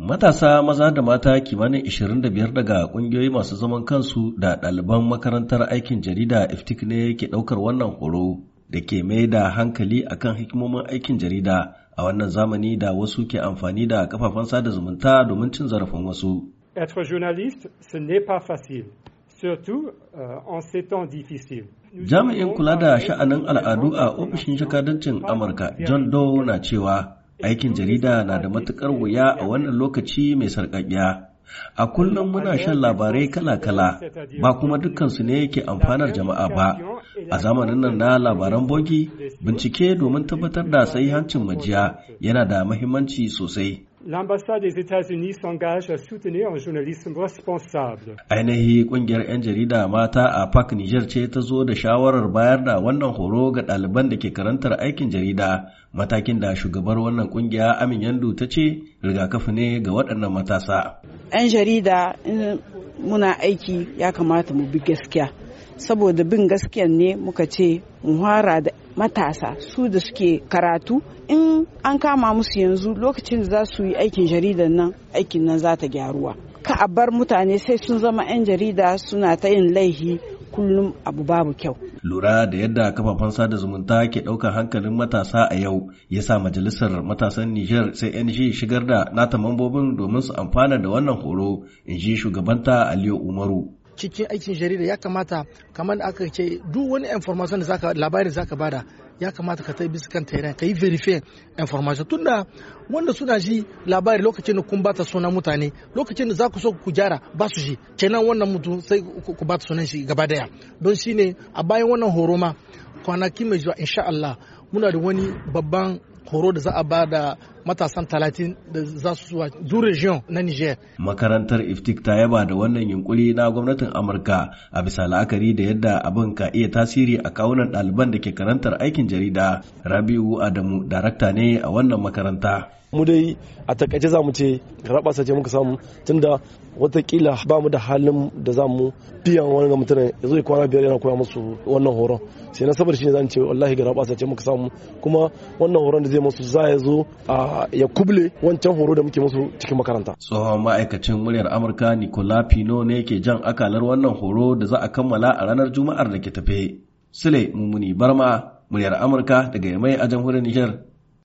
Matasa maza da mata kimanin 25 daga kungiyoyi masu zaman kansu da ɗaliban makarantar aikin jarida iftik ne ke ɗaukar wannan horo da ke mai da hankali akan hikimomin aikin jarida a wannan zamani da wasu ke amfani da kafafen sada zumunta domin cin zarafin wasu. Être journaliste, euh, Jami'in kula da sha'anin al'adu a ofishin shakadancin Amurka, John Doe na cewa Aikin jarida na da matukar wuya a wannan lokaci mai sarƙaƙiya. A kullum muna shan labarai kala-kala ba kuma dukkansu ne yake amfanar jama'a ba. A zamanin nan na labaran bogi, bincike domin tabbatar da sai hancin majiya yana da mahimmanci sosai. L'ambassade des États-Unis s'engage à soutenir un journalisme responsable. Ainihi kungiyar 'yan jarida mata a Park Niger ce ta zo da shawarar bayar da wannan horo ga ɗaliban da ke karantar aikin jarida matakin da shugabar wannan kungiya Amin Yandu ta ce rigakafi ne ga waɗannan matasa. 'Yan jarida muna aiki ya kamata mu bi gaskiya. Saboda bin gaskiyan ne muka ce mu da matasa su da suke karatu in an kama musu yanzu lokacin da za su yi aikin jaridan nan aikin nan za ta gyaruwa ka a bar mutane sai sun zama 'yan jarida suna ta yin laihi kullum abu babu kyau. Lura da yadda kafafen sada zumunta ke ɗaukar hankalin matasa a yau ya sa majalisar matasan niger sai NG shigar da nata mambobin domin su amfana da wannan horo in ji shugabanta Aliyu Umaru. cikin aikin jarida ya kamata kamar da aka ce duk wani information da zaka labarin zaka bada ya kamata ka tabi kan terrain ka yi verify information tunda wanda suna ji labari lokacin da kun bata suna mutane lokacin da za ku so ku gyara ba su ji kenan wannan mutum sai ku bata sunan shi gaba daya don shine a bayan wannan horo ma kwanaki mai zuwa insha Allah muna da wani babban horo da za a bada. matasan talatin da za su zuwa du region na Niger. Makarantar Iftik ta yaba da wannan yunkuri na gwamnatin Amurka a bisa la'akari da yadda abin ka iya tasiri a kawunan ɗaliban da ke karantar aikin jarida. Rabiu Adamu darakta ne a wannan makaranta. mu dai a takaice za mu ce raba sace muka samu tunda watakila ba mu da halin da za mu biyan wani mutum ya zo kwana biyar yana koya musu wannan horon sai na sabar shi ne zan ce wallahi ga raba sace muka samu kuma wannan horon da zai musu za ya zo a ya kuble wancan horo da muke musu cikin makaranta. Tsohon ma'aikacin muryar Amurka Nicola Pino ne ke jan akalar wannan horo da za a kammala a ranar Juma'ar da ke tafe. Sule Mumuni Barma, muryar Amurka daga Yamai a jamhuriyar Nijar.